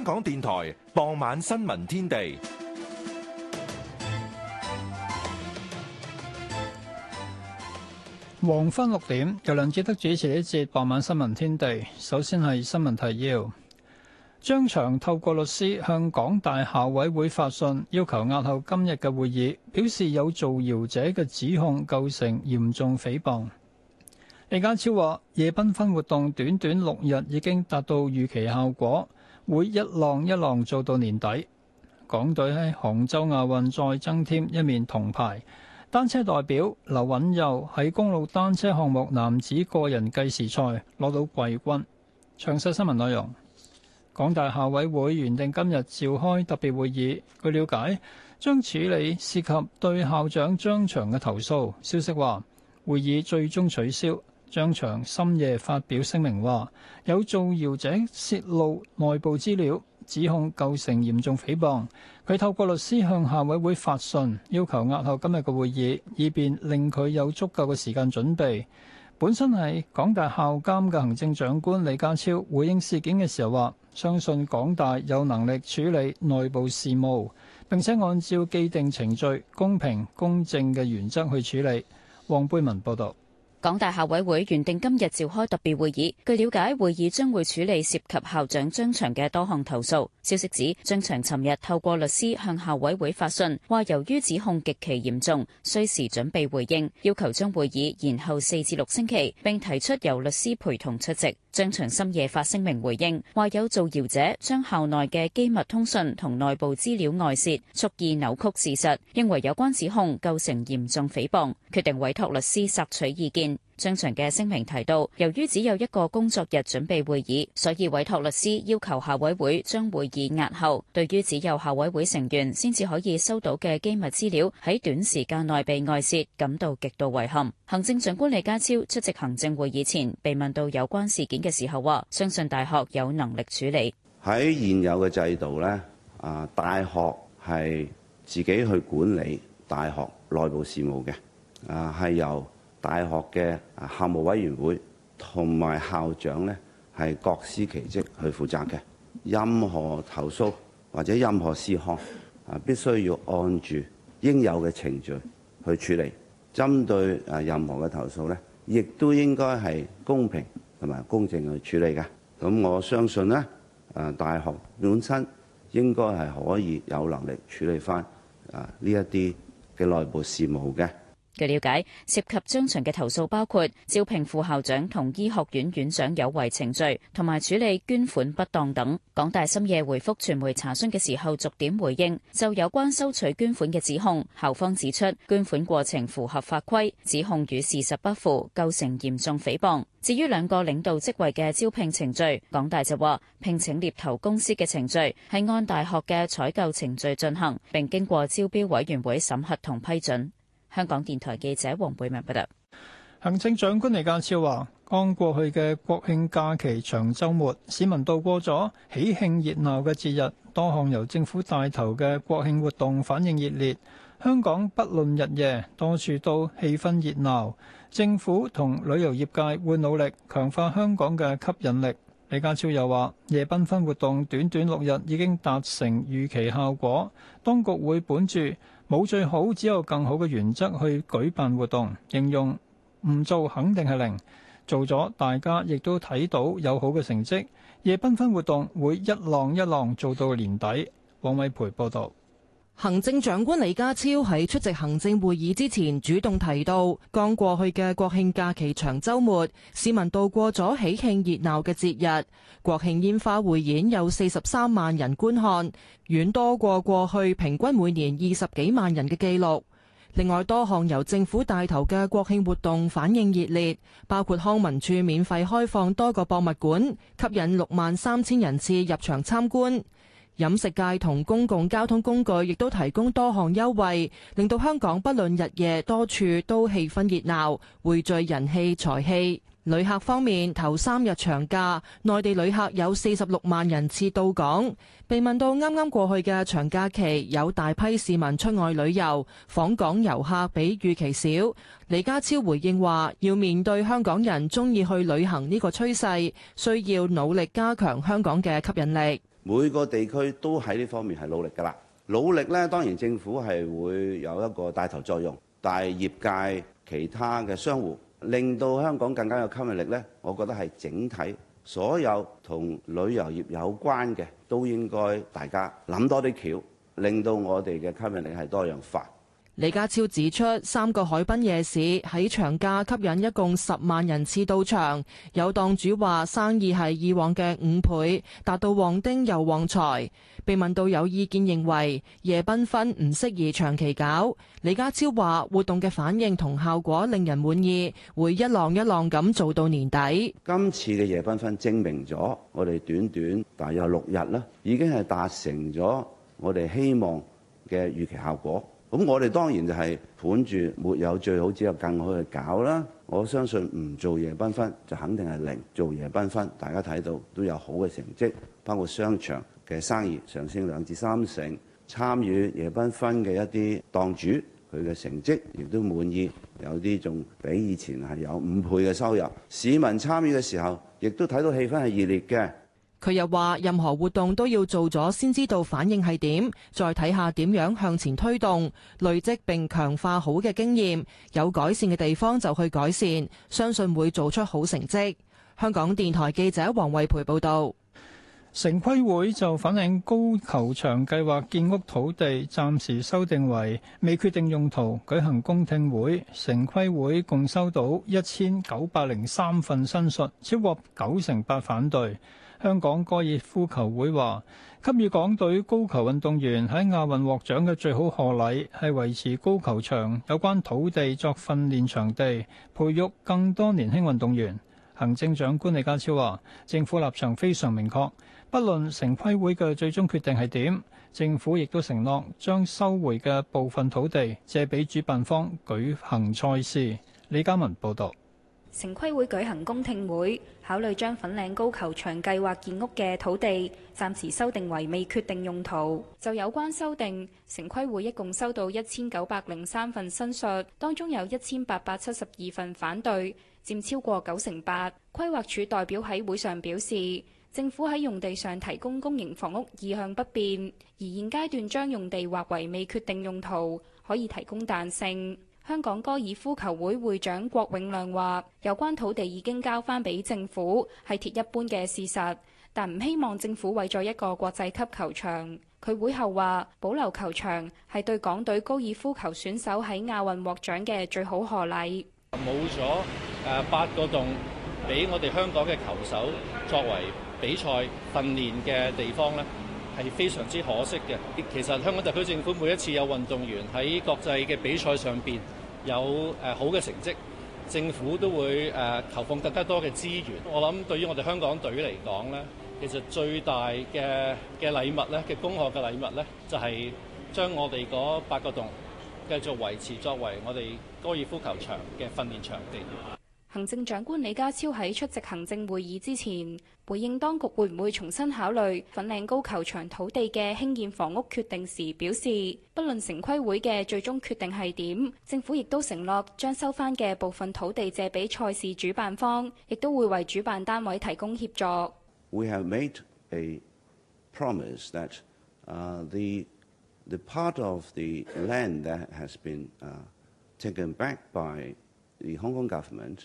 香港電台傍晚新聞天地，黃昏六點由梁志德主持一節傍晚新聞天地。首先係新聞提要：張翔透過律師向港大校委會發信，要求押後今日嘅會議，表示有造謠者嘅指控構成嚴重誹謗。李家超話，夜繽紛活動短短六日已經達到預期效果。會一浪一浪做到年底。港隊喺杭州亞運再增添一面銅牌。單車代表劉允祐喺公路單車項目男子個人計時賽攞到季軍。詳細新聞內容，港大校委會原定今日召開特別會議，據了解將處理涉及對校長張翔嘅投訴。消息話會議最終取消。張翔深夜發表聲明話：有造謠者泄露內部資料，指控構成嚴重誹謗。佢透過律師向校委會發信，要求押後今日嘅會議，以便令佢有足夠嘅時間準備。本身係港大校監嘅行政長官李家超回應事件嘅時候話：相信港大有能力處理內部事務，並且按照既定程序、公平公正嘅原則去處理。黃貝文報道。港大校委會原定今日召開特別會議，據了解，會議將會處理涉及校長張翔嘅多項投訴。消息指，張翔尋日透過律師向校委會發信，話由於指控極其嚴重，需時準備回應，要求將會議延後四至六星期，並提出由律師陪同出席。張長深夜發聲明回應，話有造謠者將校內嘅機密通訊同內部資料外泄，蓄意扭曲事實，認為有關指控構成嚴重誹謗，決定委託律師索取意見。張翔嘅聲明提到，由於只有一個工作日準備會議，所以委託律師要求校委會將會議押後。對於只有校委會成員先至可以收到嘅機密資料喺短時間內被外泄，感到極度遺憾。行政長官李家超出席行政會議前，被問到有關事件嘅時候，話相信大學有能力處理。喺現有嘅制度呢，啊，大學係自己去管理大學內部事務嘅，啊，係由。大學嘅校務委員會同埋校長呢，係各司其職去負責嘅。任何投訴或者任何事項啊，必須要按住應有嘅程序去處理。針對誒任何嘅投訴呢，亦都應該係公平同埋公正去處理嘅。咁我相信呢，誒大學本身應該係可以有能力處理翻啊呢一啲嘅內部事務嘅。據了解，涉及張翔嘅投訴包括招聘副校長同醫學院院長有違程序，同埋處理捐款不當等。港大深夜回覆傳媒查詢嘅時候，逐點回應就有關收取捐款嘅指控，校方指出捐款過程符合法規，指控與事實不符，構成嚴重誹謗。至於兩個領導職位嘅招聘程序，港大就話聘請獵頭公司嘅程序係按大學嘅採購程序進行，並經過招標委員會審核同批准。香港電台記者黃貝文報道，行政長官李家超話，剛過去嘅國慶假期長周末，市民度過咗喜慶熱鬧嘅節日，多項由政府帶頭嘅國慶活動反應熱烈。香港不論日夜，到處都氣氛熱鬧。政府同旅遊業界會努力強化香港嘅吸引力。李家超又話，夜繽紛活動短短六日已經達成預期效果，當局會本住。冇最好，只有更好嘅原則去舉辦活動應用唔做肯定係零，做咗大家亦都睇到有好嘅成績，夜繽紛活動會一浪一浪做到年底。王偉培報道。行政長官李家超喺出席行政會議之前主動提到，剛過去嘅國慶假期長週末，市民度過咗喜慶熱鬧嘅節日，國慶煙花匯演有四十三萬人觀看，遠多過過去平均每年二十幾萬人嘅記錄。另外，多項由政府帶頭嘅國慶活動反應熱烈，包括康文署免費開放多個博物館，吸引六萬三千人次入場參觀。飲食界同公共交通工具亦都提供多項優惠，令到香港不論日夜多處都氣氛熱鬧，匯聚人氣財氣。旅客方面，頭三日長假，內地旅客有四十六萬人次到港。被問到啱啱過去嘅長假期，有大批市民出外旅遊，訪港遊客比預期少，李家超回應話：要面對香港人中意去旅行呢個趨勢，需要努力加強香港嘅吸引力。每個地區都喺呢方面係努力㗎啦，努力呢，當然政府係會有一個帶頭作用，但係業界其他嘅商戶，令到香港更加有吸引力呢，我覺得係整體所有同旅遊業有關嘅都應該大家諗多啲橋，令到我哋嘅吸引力係多樣化。李家超指出，三個海濱夜市喺長假吸引一共十萬人次到場，有檔主話生意係以往嘅五倍，達到旺丁又旺財。被問到有意見認為夜繽紛唔適宜長期搞，李家超話活動嘅反應同效果令人滿意，會一浪一浪咁做到年底。今次嘅夜繽紛證明咗我哋短短大約六日啦，已經係達成咗我哋希望嘅預期效果。咁我哋當然就係本住沒有最好，只有更好去搞啦。我相信唔做夜繽紛就肯定係零，做夜繽紛大家睇到都有好嘅成績，包括商場嘅生意上升兩至三成，參與夜繽紛嘅一啲檔主佢嘅成績亦都滿意，有啲仲比以前係有五倍嘅收入。市民參與嘅時候，亦都睇到氣氛係熱烈嘅。佢又話：任何活動都要做咗先，知道反應係點，再睇下點樣向前推動，累積並強化好嘅經驗，有改善嘅地方就去改善，相信會做出好成績。香港電台記者黃慧培報導，城規會就反映高球場計劃建屋土地暫時修訂為未決定用途，舉行公聽會。城規會共收到一千九百零三份申述，超過九成八反對。香港高爾夫球會話給予港隊高球運動員喺亞運獲獎嘅最好賀禮，係維持高球場有關土地作訓練場地，培育更多年輕運動員。行政長官李家超話，政府立場非常明確，不論城規會嘅最終決定係點，政府亦都承諾將收回嘅部分土地借俾主辦方舉行賽事。李嘉文報道。城規會舉行公聽會，考慮將粉嶺高球場計劃建屋嘅土地暫時修訂為未決定用途。就有關修訂，城規會一共收到一千九百零三份申述，當中有一千八百七十二份反對，佔超過九成八。規劃署代表喺會上表示，政府喺用地上提供公營房屋意向不變，而現階段將用地劃為未決定用途，可以提供彈性。香港高爾夫球會會長郭永亮話：有關土地已經交翻俾政府，係鐵一般嘅事實，但唔希望政府為咗一個國際級球場。佢會後話：保留球場係對港隊高爾夫球選手喺亞運獲獎嘅最好賀禮。冇咗誒八個洞，俾我哋香港嘅球手作為比賽訓練嘅地方呢。係非常之可惜嘅。其實香港特區政府每一次有運動員喺國際嘅比賽上邊有誒、呃、好嘅成績，政府都會誒、呃、投放更加多嘅資源。我諗對於我哋香港隊嚟講呢，其實最大嘅嘅禮物呢，嘅公學嘅禮物呢，就係、是、將我哋嗰八個洞繼續維持作為我哋高爾夫球場嘅訓練場地。行政長官李家超喺出席行政會議之前，回應當局會唔會重新考慮粉嶺高球場土地嘅興建房屋決定時，表示：不論城規會嘅最終決定係點，政府亦都承諾將收翻嘅部分土地借俾賽事主辦方，亦都會為主辦單位提供協助。We have made a promise that、uh, the the part of the land that has been、uh, taken back by the Hong Kong government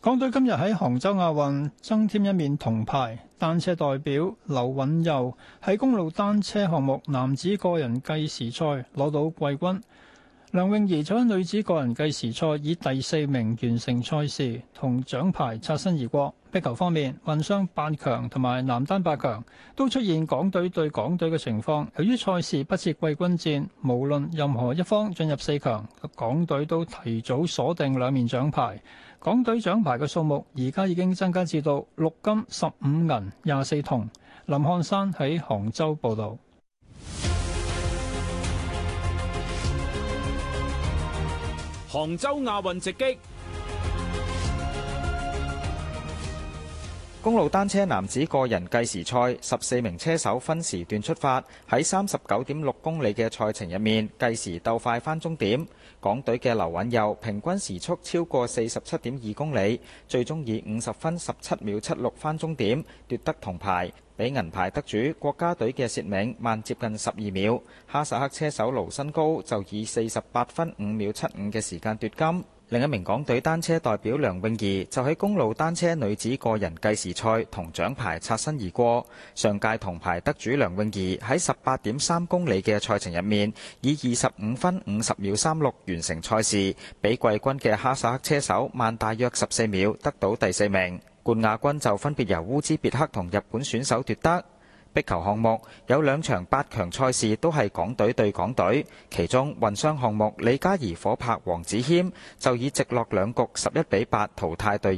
港隊今日喺杭州亞運增添一面銅牌，單車代表劉允佑喺公路單車項目男子個人計時賽攞到季軍。梁詠儀喺女子個人計時賽以第四名完成賽事，同獎牌擦身而過。壁球方面，混雙八強同埋男單八強都出現港隊對港隊嘅情況。由於賽事不設季軍戰，無論任何一方進入四強，港隊都提早鎖定兩面獎牌。港隊獎牌嘅數目而家已經增加至到六金、十五銀、廿四銅。林漢山喺杭州報導。杭州亞運直擊，公路單車男子個人計時賽，十四名車手分時段出發，喺三十九點六公里嘅賽程入面計時鬥快返終點。港隊嘅劉允佑平均時速超過四十七點二公里，最終以五十分十七秒七六返終點，奪得銅牌。比銀牌得主國家隊嘅薛明慢接近十二秒，哈薩克車手盧新高就以四十八分五秒七五嘅時間奪金。另一名港隊單車代表梁泳儀就喺公路單車女子個人計時賽同獎牌擦身而過。上屆銅牌得主梁泳儀喺十八點三公里嘅賽程入面，以二十五分五十秒三六完成賽事，比季軍嘅哈薩克車手慢大約十四秒，得到第四名。冠亞軍就分別由烏茲別克同日本選手奪得。壁球項目有兩場八強賽事，都係港隊對港隊，其中混雙項目李嘉怡火拍黃子謙就以直落兩局11比8 17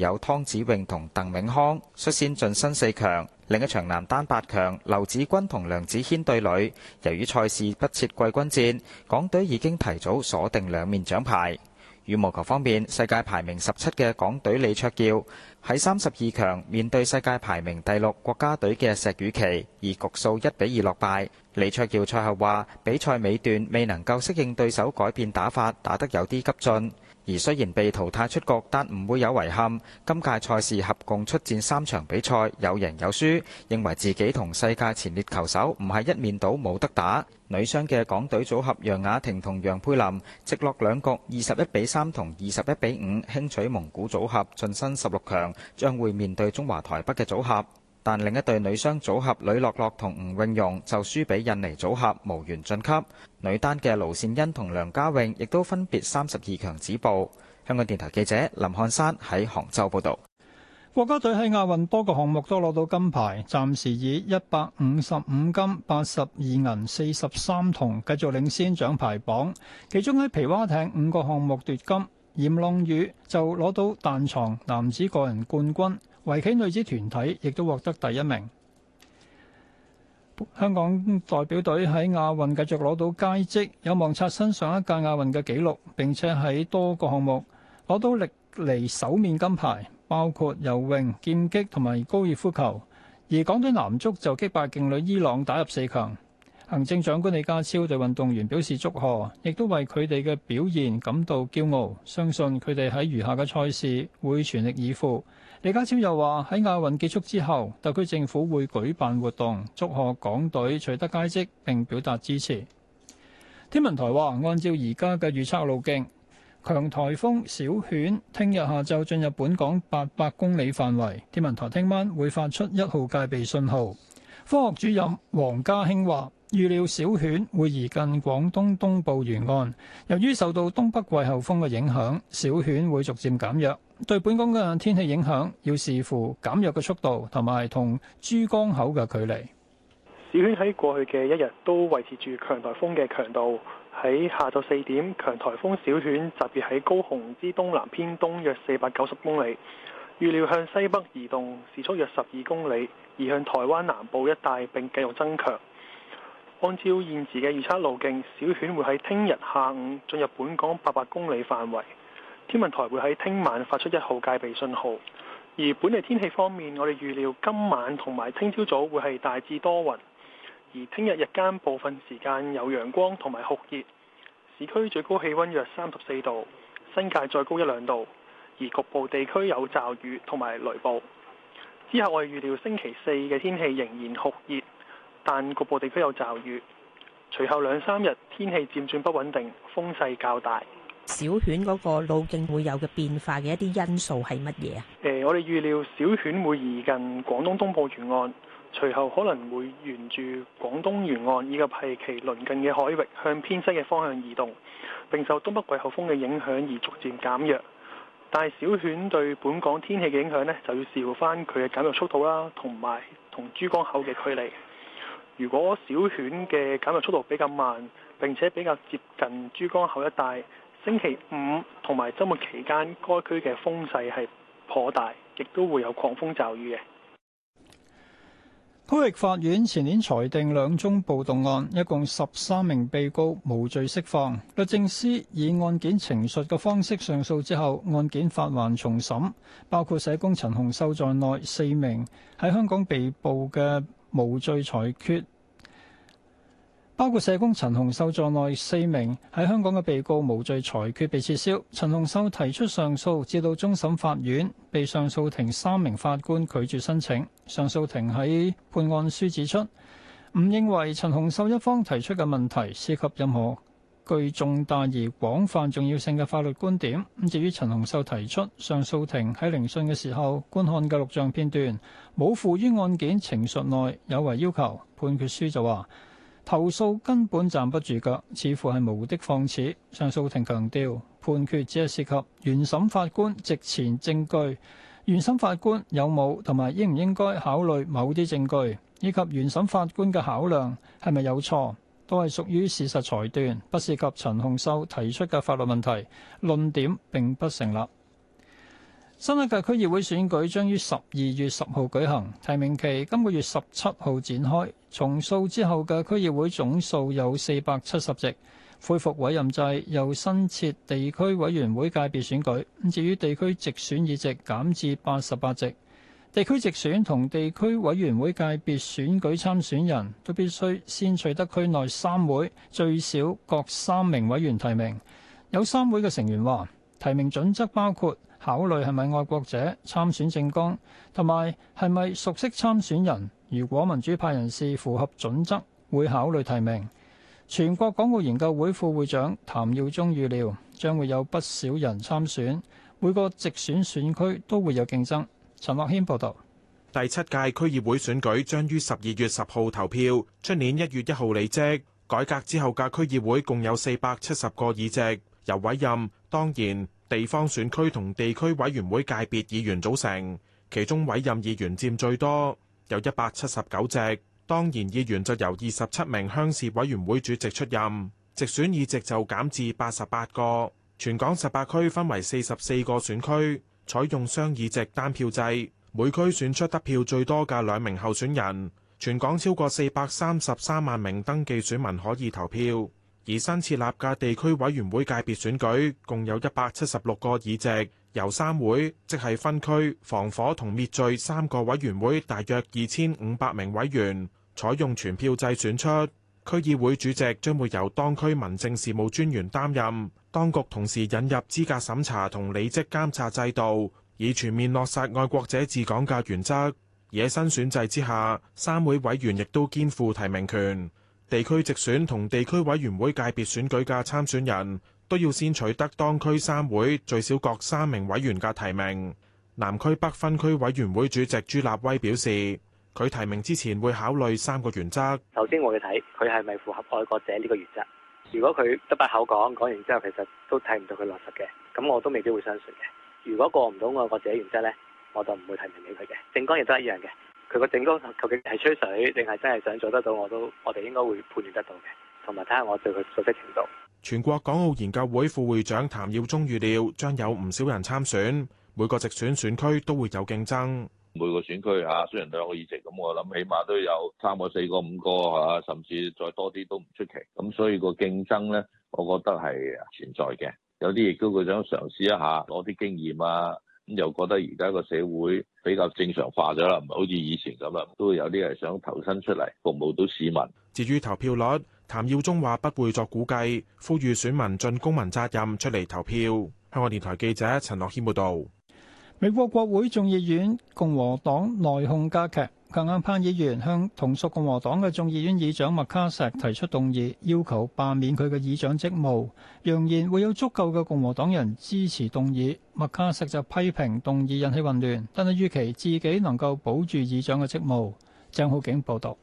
喺三十二強面對世界排名第六國家隊嘅石宇奇，而局數一比二落敗。李卓耀賽後話，比賽尾段未能夠適應對手改變打法，打得有啲急進。而雖然被淘汰出局，但唔會有遺憾。今屆賽事合共出戰三場比賽，有贏有輸，認為自己同世界前列球手唔係一面倒，冇得打。女雙嘅港隊組合楊雅婷同楊佩琳，直落兩局二十一比三同二十一比五，輕取蒙古組合，晉身十六強，將會面對中華台北嘅組合。但另一對女雙組合呂洛洛同吳詠榕就輸俾印尼組合，無緣晉級。女單嘅盧善恩同梁家穎亦都分別三十二強止步。香港電台記者林漢珊喺杭州報導。國家隊喺亞運多個項目都攞到金牌，暫時以一百五十五金、八十二銀、四十三銅，繼續領先獎牌榜。其中喺皮划艇五個項目奪金，嚴浪宇就攞到彈床男子個人冠軍。圍棋女子團體亦都獲得第一名。香港代表隊喺亞運繼續攞到佳績，有望刷新上一屆亞運嘅紀錄。並且喺多個項目攞到歷嚟首面金牌，包括游泳、劍擊同埋高爾夫球。而港隊男足就擊敗勁旅伊朗，打入四強。行政長官李家超對運動員表示祝賀，亦都為佢哋嘅表現感到驕傲。相信佢哋喺餘下嘅賽事會全力以赴。李家超又話：喺亞運結束之後，特區政府會舉辦活動，祝賀港隊取得佳績，並表達支持。天文台話：按照而家嘅預測路徑，強颱風小犬聽日下晝進入本港八百公里範圍，天文台聽晚會發出一號戒備信號。科學主任黃家興話：預料小犬會移近廣東東部沿岸，由於受到東北季候風嘅影響，小犬會逐漸減弱。對本港嘅天氣影響，要視乎減弱嘅速度同埋同珠江口嘅距離。小犬喺過去嘅一日都維持住強颱風嘅強度。喺下晝四點，強颱風小犬集結喺高雄之東南偏東約四百九十公里，預料向西北移動，時速約十二公里。而向台灣南部一帶並繼續增強。按照現時嘅預測路徑，小犬會喺聽日下午進入本港八百公里範圍。天文台會喺聽晚發出一號戒備信號。而本地天氣方面，我哋預料今晚同埋聽朝早會係大致多雲。而聽日日間部分時間有陽光同埋酷熱。市區最高氣温約三十四度，新界再高一兩度。而局部地區有驟雨同埋雷暴。之後，我哋預料星期四嘅天氣仍然酷熱，但局部地區有驟雨。隨後兩三日天氣漸轉不穩定，風勢較大。小犬嗰個路徑會有嘅變化嘅一啲因素係乜嘢啊？誒、呃，我哋預料小犬會移近廣東東部沿岸，隨後可能會沿住廣東沿岸以及係其鄰近嘅海域向偏西嘅方向移動，並受東北季候風嘅影響而逐漸減弱。但係小犬對本港天氣嘅影響呢，就要視乎翻佢嘅減弱速度啦，同埋同珠江口嘅距離。如果小犬嘅減弱速度比較慢，並且比較接近珠江口一帶，星期五同埋周末期間，該區嘅風勢係頗大，亦都會有狂風驟雨嘅。區域法院前年裁定兩宗暴動案，一共十三名被告無罪釋放。律政司以案件呈述嘅方式上訴之後，案件發還重審，包括社工陳虹秀在內四名喺香港被捕嘅無罪裁決。包括社工陳洪秀在內四名喺香港嘅被告無罪裁決被撤銷，陳洪秀提出上訴至到終審法院被上訴庭三名法官拒絕申請。上訴庭喺判案書指出，唔認為陳洪秀一方提出嘅問題涉及任何具重大而廣泛重要性嘅法律觀點，咁至於陳洪秀提出上訴庭喺聆訊嘅時候觀看嘅錄像片段，冇附於案件情述內有違要求。判決書就話，投訴根本站不住腳，似乎係無的放矢。上訴庭強調，判決只係涉及原審法官直前證據，原審法官有冇同埋應唔應該考慮某啲證據，以及原審法官嘅考量係咪有錯，都係屬於事實裁斷，不涉及陳洪秀提出嘅法律問題。論點並不成立。新一屆區議會選舉將於十二月十號舉行，提名期今個月十七號展開。重塑之後嘅區議會總數有四百七十席，恢復委任制，又新設地區委員會界別選舉。至於地區直選議席減至八十八席，地區直選同地區委員會界別選舉參選人都必須先取得區內三會最少各三名委員提名。有三會嘅成員話，提名準則包括考慮係咪愛國者參選政綱，同埋係咪熟悉參選人。如果民主派人士符合準則，會考慮提名。全國港澳研究會副會長譚耀宗預料，將會有不少人參選，每個直選選區都會有競爭。陳樂軒報道，第七屆區議會選舉將於十二月十號投票，出年一月一號離職。改革之後嘅區議會共有四百七十個議席，由委任、當然、地方選區同地區委員會界別議員組成，其中委任議員占最多。有一百七十九席，當然議員就由二十七名鄉事委員會主席出任，直選議席就減至八十八個。全港十八區分為四十四個選區，採用雙議席單票制，每區選出得票最多嘅兩名候選人。全港超過四百三十三萬名登記選民可以投票。而新設立嘅地區委員會界別選舉，共有一百七十六個議席，由三會，即係分區、防火同滅罪三個委員會，大約二千五百名委員採用全票制選出。區議會主席將會由當區民政事務專員擔任。當局同時引入資格審查同履職監察制度，以全面落實愛國者治港嘅原則。而喺新選制之下，三會委員亦都肩負提名權。地區直選同地區委員會界別選舉嘅參選人都要先取得當區三會最少各三名委員嘅提名。南區北分區委員會主席朱立威表示，佢提名之前會考慮三個原則。首先我要睇佢係咪符合愛國者呢個原則。如果佢得把口講，講完之後其實都睇唔到佢落實嘅，咁我都未必會相信嘅。如果過唔到愛國者原則呢，我就唔會提名俾佢嘅。政綱亦都一樣嘅。佢個政綱究竟係吹水定係真係想做得到？我都我哋應該會判斷得到嘅，同埋睇下我對佢熟悉程度。全國港澳研究會副會長譚耀宗預料將有唔少人參選，每個直選選區都會有競爭。每個選區吓，雖然都有個議席，咁我諗起碼都有三個、四個、五個吓，甚至再多啲都唔出奇。咁所以個競爭咧，我覺得係存在嘅。有啲亦都佢想嘗試一下攞啲經驗啊。又覺得而家個社會比較正常化咗啦，唔係好似以前咁啦，都會有啲係想投身出嚟服務到市民。至於投票率，譚耀宗話不會作估計，呼籲選民盡公民責任出嚟投票。香港電台記者陳諾謙報道。美國國會眾議院共和黨內控加劇。強硬派議員向同屬共和黨嘅眾議院議長麥卡錫提出動議，要求罷免佢嘅議長職務，揚言會有足夠嘅共和黨人支持動議。麥卡錫就批評動議引起混亂，但係預期自己能夠保住議長嘅職務。鄭浩景報道。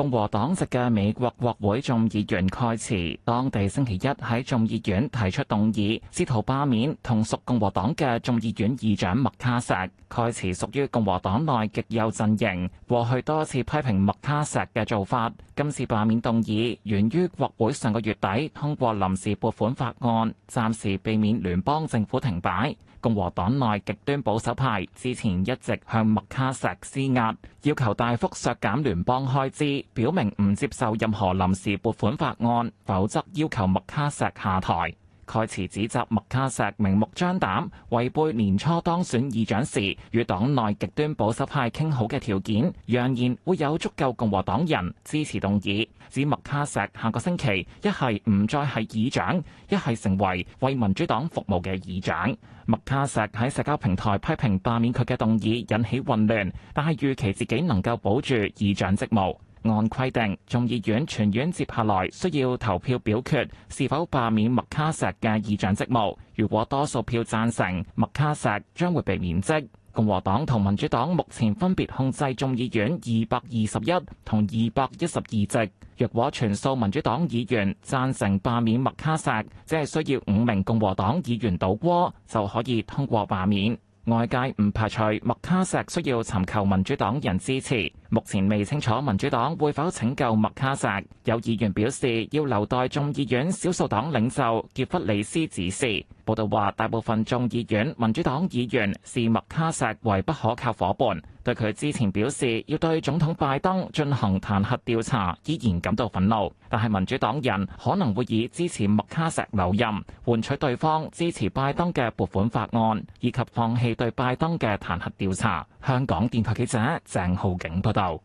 共和黨籍嘅美國國會眾議員蓋茨，當地星期一喺眾議院提出動議，試圖罷免同屬共和黨嘅眾議院議長麥卡錫。蓋茨屬於共和黨內極右陣營，過去多次批評麥卡錫嘅做法。今次罷免動議源於國會上個月底通過臨時撥款法案，暫時避免聯邦政府停擺。共和黨內極端保守派之前一直向麥卡錫施壓，要求大幅削減聯邦開支，表明唔接受任何臨時撥款法案，否則要求麥卡錫下台。蓋茨指責麥卡錫明目張膽違背年初當選議長時與黨內極端保守派傾好嘅條件，揚言會有足夠共和黨人支持動議，指麥卡錫下個星期一係唔再係議長，一係成為為民主黨服務嘅議長。麥卡錫喺社交平台批評罷免佢嘅動議引起混亂，但係預期自己能夠保住議長職務。按規定，眾議院全院接下來需要投票表決是否罷免麥卡錫嘅議長職務。如果多數票贊成，麥卡錫將會被免職。共和黨同民主黨目前分別控制眾議院二百二十一同二百一十二席。若果全數民主黨議員贊成罷免麥卡錫，只係需要五名共和黨議員倒戈，就可以通過罷免。外界唔排除麥卡錫需要尋求民主黨人支持。目前未清楚民主黨會否拯救麥卡錫。有議員表示要留待眾議院少數黨領袖傑弗里斯指示。報道話，大部分眾議院民主黨議員視麥卡錫為不可靠伙伴，對佢之前表示要對總統拜登進行彈劾調查，依然感到憤怒。但係民主黨人可能會以支持麥卡錫留任，換取對方支持拜登嘅撥款法案，以及放棄對拜登嘅彈劾調查。香港電台記者鄭浩景報道。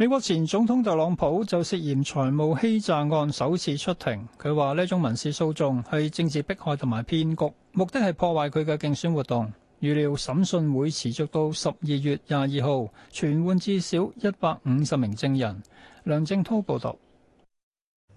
美國前總統特朗普就涉嫌財務欺詐案首次出庭，佢話呢種民事訴訟係政治迫害同埋騙局，目的係破壞佢嘅競選活動。預料審訊會持續到十二月廿二號，傳喚至少一百五十名證人。梁正濤報道。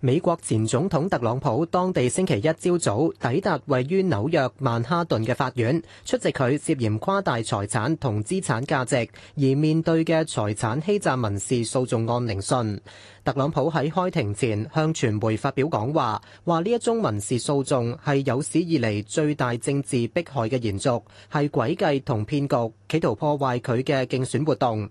美國前總統特朗普當地星期一朝早抵達位於紐約曼哈頓嘅法院，出席佢涉嫌誇大財產同資產價值而面對嘅財產欺詐民事訴訟案聆訊。特朗普喺開庭前向傳媒發表講話，話呢一宗民事訴訟係有史以嚟最大政治迫害嘅延續，係詭計同騙局，企圖破壞佢嘅競選活動。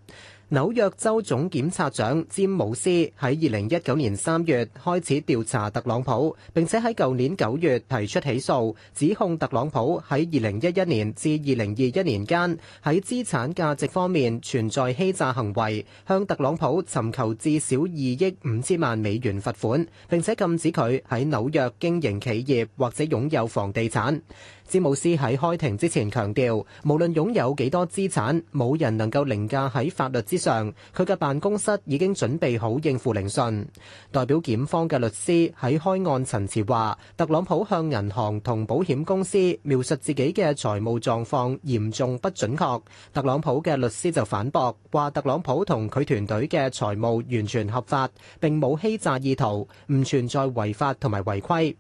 紐約州總檢察長詹姆斯喺二零一九年三月開始調查特朗普，並且喺舊年九月提出起訴，指控特朗普喺二零一一年至二零二一年間喺資產價值方面存在欺詐行為，向特朗普尋求至少二億五千萬美元罰款，並且禁止佢喺紐約經營企業或者擁有房地產。詹姆斯喺開庭之前強調，無論擁有幾多資產，冇人能夠凌駕喺法律之上。佢嘅辦公室已經準備好應付聆訊。代表檢方嘅律師喺開案陳詞話，特朗普向銀行同保險公司描述自己嘅財務狀況嚴重不準確。特朗普嘅律師就反駁，話特朗普同佢團隊嘅財務完全合法，並冇欺詐意圖，唔存在違法同埋違規。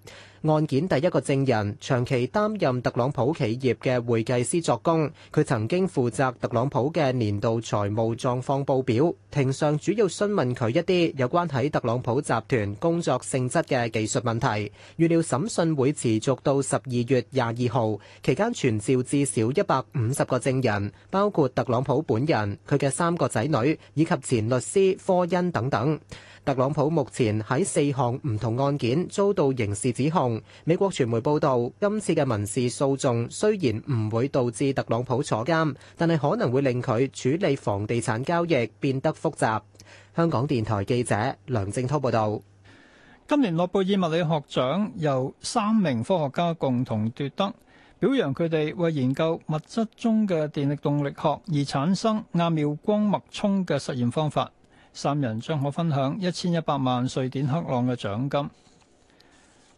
案件第一個證人長期擔任特朗普企業嘅會計師作工，佢曾經負責特朗普嘅年度財務狀況報表。庭上主要詢問佢一啲有關喺特朗普集團工作性質嘅技術問題，預料審訊會持續到十二月廿二號，期間傳召至少一百五十個證人，包括特朗普本人、佢嘅三個仔女以及前律師科恩等等。特朗普目前喺四項唔同案件遭到刑事指控。美國傳媒報道，今次嘅民事訴訟雖然唔會導致特朗普坐監，但係可能會令佢處理房地產交易變得複雜。香港電台記者梁正濤報道。今年諾貝爾物理學獎由三名科學家共同奪得，表揚佢哋為研究物質中嘅電力動力學而產生亞秒光脈衝嘅實驗方法。三人將可分享一千一百萬瑞典克朗嘅獎金。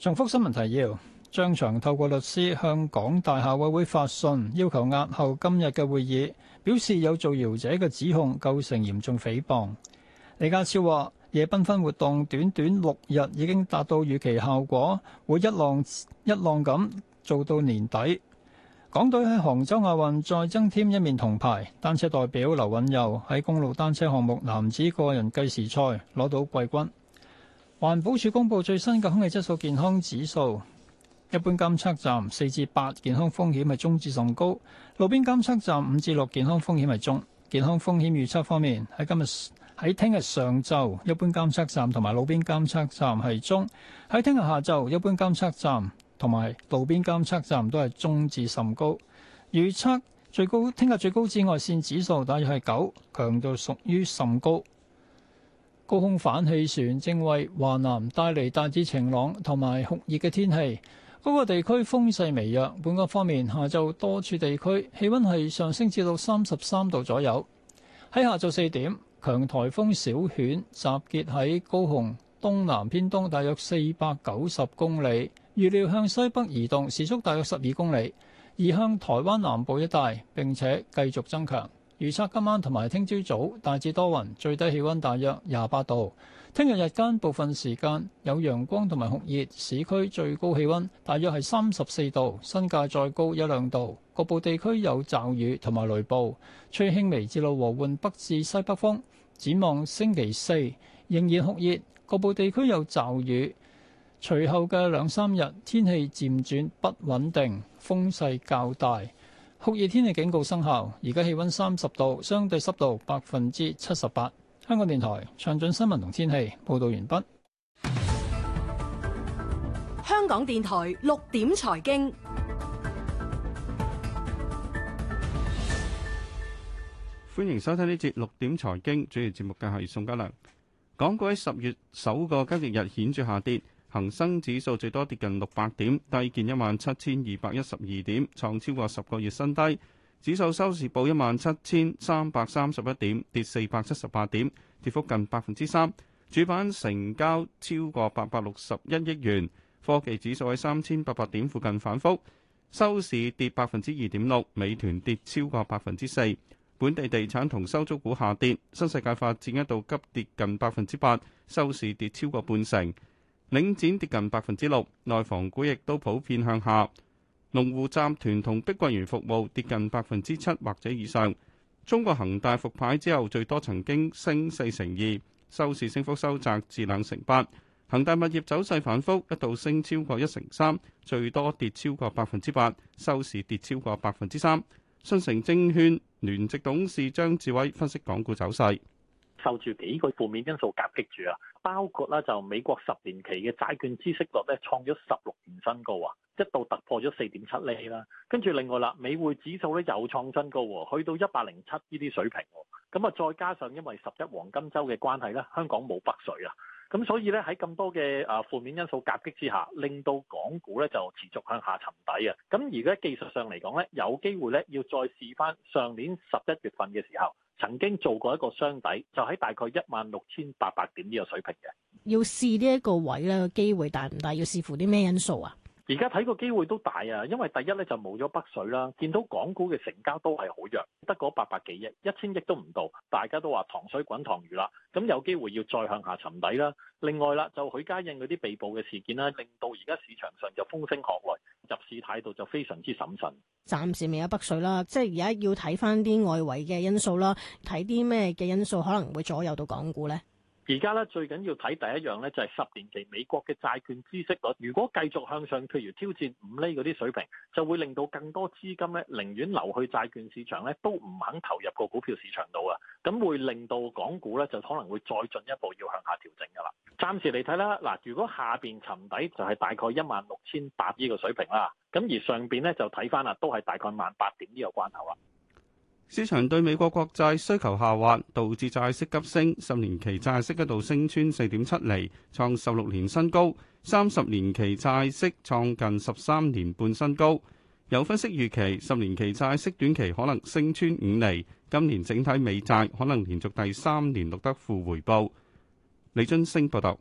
重複新聞提要：張翔透過律師向港大校委會發信，要求押後今日嘅會議，表示有造謠者嘅指控構成嚴重誹謗。李家超話：夜繽紛活動短短六日已經達到預期效果，會一浪一浪咁做到年底。港隊喺杭州亞運再增添一面銅牌，單車代表劉允佑喺公路單車項目男子個人計時賽攞到季軍。環保署公布最新嘅空氣質素健康指數，一般監測站四至八，健康風險係中至甚高；路邊監測站五至六，健康風險係中。健康風險預測方面，喺今日喺聽日上晝，一般監測站同埋路邊監測站係中；喺聽日下晝，一般監測站同埋，路邊監測站都係中至甚高，預測最高。聽日最高紫外線指數大約係九，強度屬於甚高。高空反氣旋正為華南帶嚟大致晴朗同埋酷熱嘅天氣。嗰、那個地區風勢微弱。本港方面，下晝多處地區氣温係上升至到三十三度左右。喺下晝四點，強颱風小犬集結喺高雄東南偏東，大約四百九十公里。預料向西北移動，時速大約十二公里，移向台灣南部一帶，並且繼續增強。預測今晚同埋聽朝早，早大致多雲，最低氣温大約廿八度。聽日日間部分時間有陽光同埋酷熱，市區最高氣温大約係三十四度，新界再高一兩度。局部地區有驟雨同埋雷暴，吹輕微至到和緩北至西北風。展望星期四仍然酷熱，局部地區有驟雨。隨後嘅兩三日天氣漸轉不穩定，風勢較大，酷熱天氣警告生效。而家氣溫三十度，相對濕度百分之七十八。香港電台詳盡新聞同天氣報道完畢。香港電台六點財經，歡迎收聽呢節六點財經主持節目嘅係宋家良。港股喺十月首個交易日顯著下跌。恒生指數最多跌近六百點，低見一萬七千二百一十二點，創超過十個月新低。指數收市報一萬七千三百三十一點，跌四百七十八點，跌幅近百分之三。主板成交超過八百六十一億元。科技指數喺三千八百點附近反復，收市跌百分之二點六。美團跌超過百分之四。本地地產同收租股下跌，新世界發展一度急跌近百分之八，收市跌超過半成。領展跌近百分之六，內房股亦都普遍向下。龍湖集團同碧桂園服務跌近百分之七或者以上。中國恒大復牌之後，最多曾經升四成二，收市升幅收窄至兩成八。恒大物業走勢反覆，一度升超過一成三，最多跌超過百分之八，收市跌超過百分之三。信誠證券聯席董事張智威分析港股走勢。受住幾個負面因素夾擊住啊，包括啦就美國十年期嘅債券孳息率咧創咗十六年新高啊，一度突破咗四點七厘啦，跟住另外啦美匯指數咧又創新高，去到一百零七呢啲水平，咁啊再加上因為十一黃金周嘅關係咧，香港冇北水啊，咁所以咧喺咁多嘅啊負面因素夾擊之下，令到港股咧就持續向下沉底啊，咁而家技術上嚟講咧，有機會咧要再試翻上，上年十一月份嘅時候。曾經做過一個箱底，就喺大概一萬六千八百點呢個水平嘅。要試呢一個位咧，機會大唔大？要視乎啲咩因素啊？而家睇個機會都大啊，因為第一咧就冇咗北水啦，見到港股嘅成交都係好弱，得嗰八百幾億，一千億都唔到，大家都話糖水滾糖魚啦，咁有機會要再向下沉底啦。另外啦，就許家印嗰啲被捕嘅事件啦，令到而家市場上就風聲鶴唳，入市態度就非常之審慎。暫時未有北水啦，即係而家要睇返啲外圍嘅因素啦，睇啲咩嘅因素可能會左右到港股咧？而家咧最緊要睇第一樣咧就係、是、十年期美國嘅債券孳息率，如果繼續向上，譬如挑戰五厘嗰啲水平，就會令到更多資金咧寧願流去債券市場咧，都唔肯投入個股票市場度啊！咁會令到港股咧就可能會再進一步要向下調整噶啦。暫時嚟睇啦，嗱，如果下邊沉底就係大概一萬六千八呢個水平啦，咁而上邊咧就睇翻啊，都係大概萬八點呢個關口啊。市場對美國國債需求下滑，導致債息急升，十年期債息一度升穿四點七厘，創十六年新高；三十年期債息創近十三年半新高。有分析預期，十年期債息短期可能升穿五厘，今年整體美債可能連續第三年錄得負回報。李津升報導。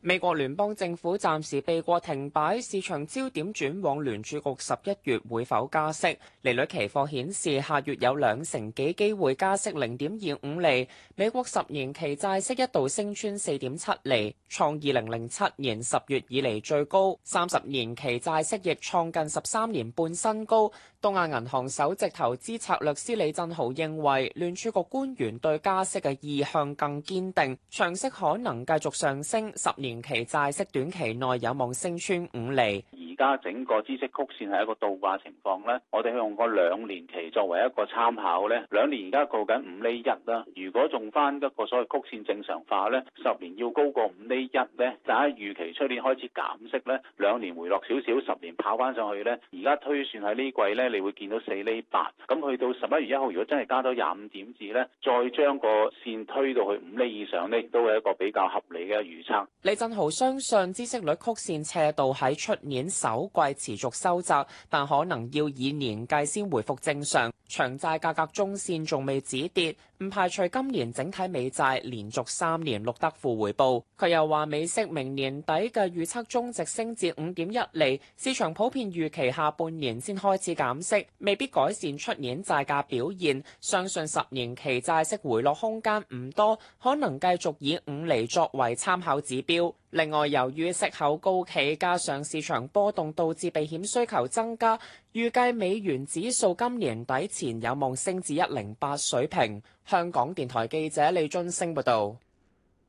美國聯邦政府暫時避過停擺，市場焦點轉往聯儲局十一月會否加息。利率期貨顯示下月有兩成幾機會加息零點二五厘。美國十年期債息一度升穿四點七厘，創二零零七年十月以嚟最高。三十年期債息亦創近十三年半新高。東亞銀行首席投資策略師李振豪認為，聯儲局官員對加息嘅意向更堅定，長息可能繼續上升。十年年期債息短期內有望升穿五厘，而家整個知識曲線係一個倒掛情況咧。我哋用個兩年期作為一個參考咧，兩年而家高緊五厘一啦，啊。如果仲翻一個所謂曲線正常化咧，十年要高過五厘一咧，就係預期出年開始減息咧，兩年回落少少，十年跑翻上去咧，而家推算喺呢季咧，你會見到四厘八。咁去到十一月一號，如果真係加多廿五點字咧，再將個線推到去五厘以上呢，亦都係一個比較合理嘅預測。振豪相信孳息率曲線斜度喺出年首季持續收窄，但可能要以年計先回復正常。長債價格中線仲未止跌。唔排除今年整體美債連續三年錄得負回報，佢又話美息明年底嘅預測中值升至五點一厘，市場普遍預期下半年先開始減息，未必改善出年債價表現，相信十年期債息回落空間唔多，可能繼續以五厘作為參考指標。另外，由於息口高企，加上市場波動導致避險需求增加，預計美元指數今年底前有望升至一零八水平。香港電台記者李津升報導。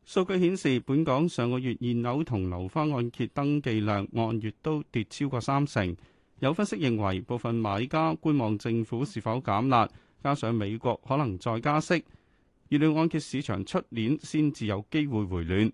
數據顯示，本港上個月現樓同樓花按揭登記量按月都跌超過三成。有分析認為，部分買家觀望政府是否減辣，加上美國可能再加息，預料按揭市場出年先至有機會回暖。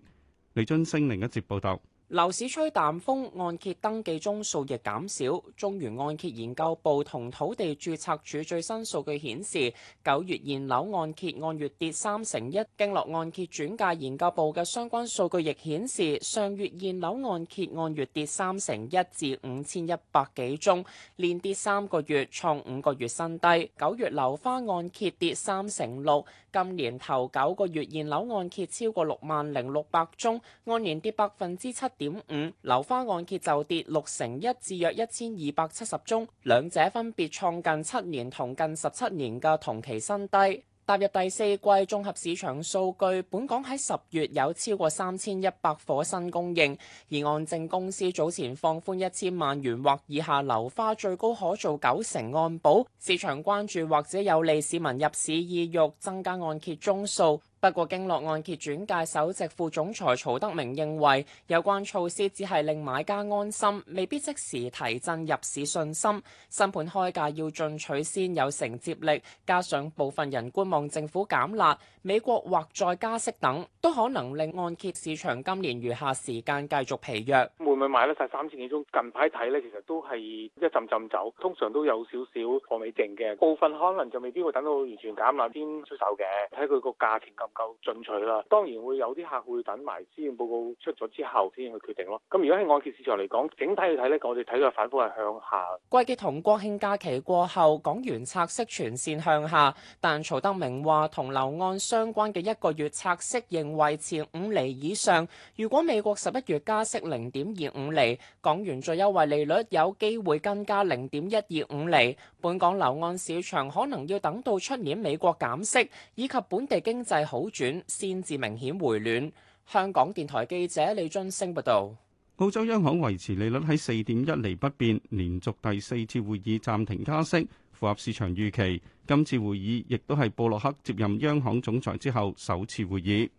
李津升，另一節報道。樓市吹淡風，按揭登記宗數亦減少。中原按揭研究部同土地注冊處最新數據顯示，九月現樓按揭按月跌三成一。經絡按揭轉介研究部嘅相關數據亦顯示，上月現樓按揭按月跌三成一至五千一百幾宗，連跌三個月，創五個月新低。九月樓花按揭跌三成六，今年頭九個月現樓按揭超過六萬零六百宗，按年跌百分之七。點五樓花按揭就跌六成一至約一千二百七十宗，兩者分別創近七年同近十七年嘅同期新低。踏入第四季綜合市場數據，本港喺十月有超過三千一百伙新供應，而按證公司早前放寬一千萬元或以下樓花，最高可做九成按保，市場關注或者有利市民入市意欲增加按揭宗數。不過經絡按揭轉介首席副總裁曹德明認為，有關措施只係令買家安心，未必即時提振入市信心。新盤開價要進取先有承接力，加上部分人觀望政府減辣、美國或再加息等。都可能令按揭市場今年餘下時間繼續疲弱。會唔會買得晒三千幾宗？近排睇咧，其實都係一浸浸走，通常都有少少貨尾淨嘅，部分可能就未必會等到完全減壓先出手嘅。睇佢個價錢夠唔夠進取啦。當然會有啲客戶等埋資料報告出咗之後先去決定咯。咁如果喺按揭市場嚟講，整體去睇咧，我哋睇到反復係向下。季結同國慶假期過後港元拆息全線向下，但曹德明話同樓按相關嘅一個月拆息應維持五厘以上。如果美國十一月加息零點二五厘，港元最優惠利率有機會更加零點一二五厘。本港樓按市場可能要等到出年美國減息以及本地經濟好轉先至明顯回暖。香港電台記者李津升報道。澳洲央行維持利率喺四點一厘不變，連續第四次會議暫停加息，符合市場預期。今次會議亦都係布洛克接任央行總裁之後首次會議。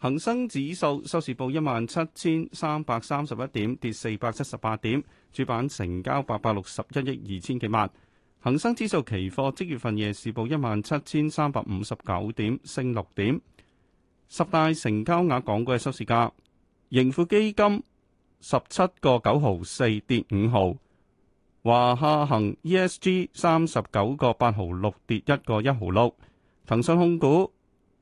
恒生指數收市報一萬七千三百三十一點，跌四百七十八點。主板成交八百六十一億二千幾萬。恒生指數期貨即月份夜市報一萬七千三百五十九點，升六點。十大成交額港股嘅收市價：盈富基金十七個九毫四跌五毫；華夏恒 ESG 三十九個八毫六跌一個一毫六；騰訊控股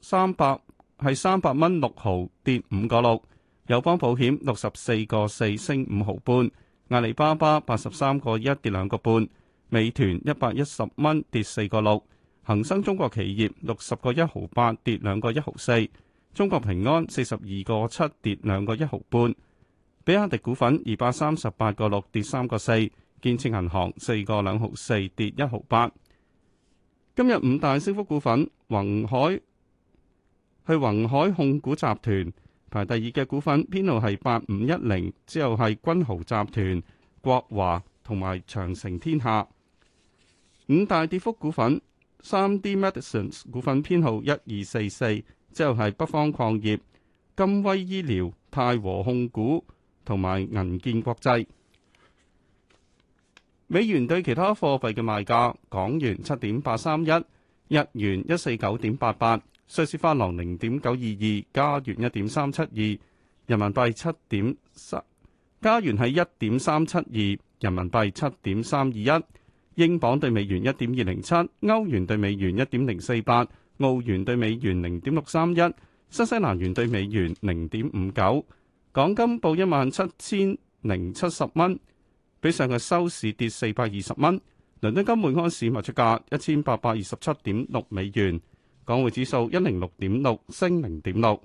三百。係三百蚊六毫跌五個六，友邦保險六十四個四升五毫半，阿里巴巴八十三個一跌兩個半，美團一百一十蚊跌四個六，恒生中國企業六十個一毫八跌兩個一毫四，中國平安四十二個七跌兩個一毫半，比亞迪股份二百三十八個六跌三個四，建設銀行四個兩毫四跌一毫八，今日五大升幅股份，宏海。去宏海控股集團排第二嘅股份編號係八五一零，之後係君豪集團、國華同埋長城天下。五大跌幅股份，三 D Medicines 股份編號一二四四，之後係北方礦業、金威醫療、泰和控股同埋銀建國際。美元對其他貨幣嘅賣價：港元七點八三一，日元一四九點八八。瑞士法郎零點九二二，加元一點三七二，人民幣七點三，加元係一點三七二，人民幣七點三二一，英鎊對美元一點二零七，歐元對美元一點零四八，澳元對美元零點六三一，新西蘭元對美元零點五九，港金報一萬七千零七十蚊，比上日收市跌四百二十蚊。倫敦金每盎司賣出價一千八百二十七點六美元。港匯指數一零六點六，升零點六。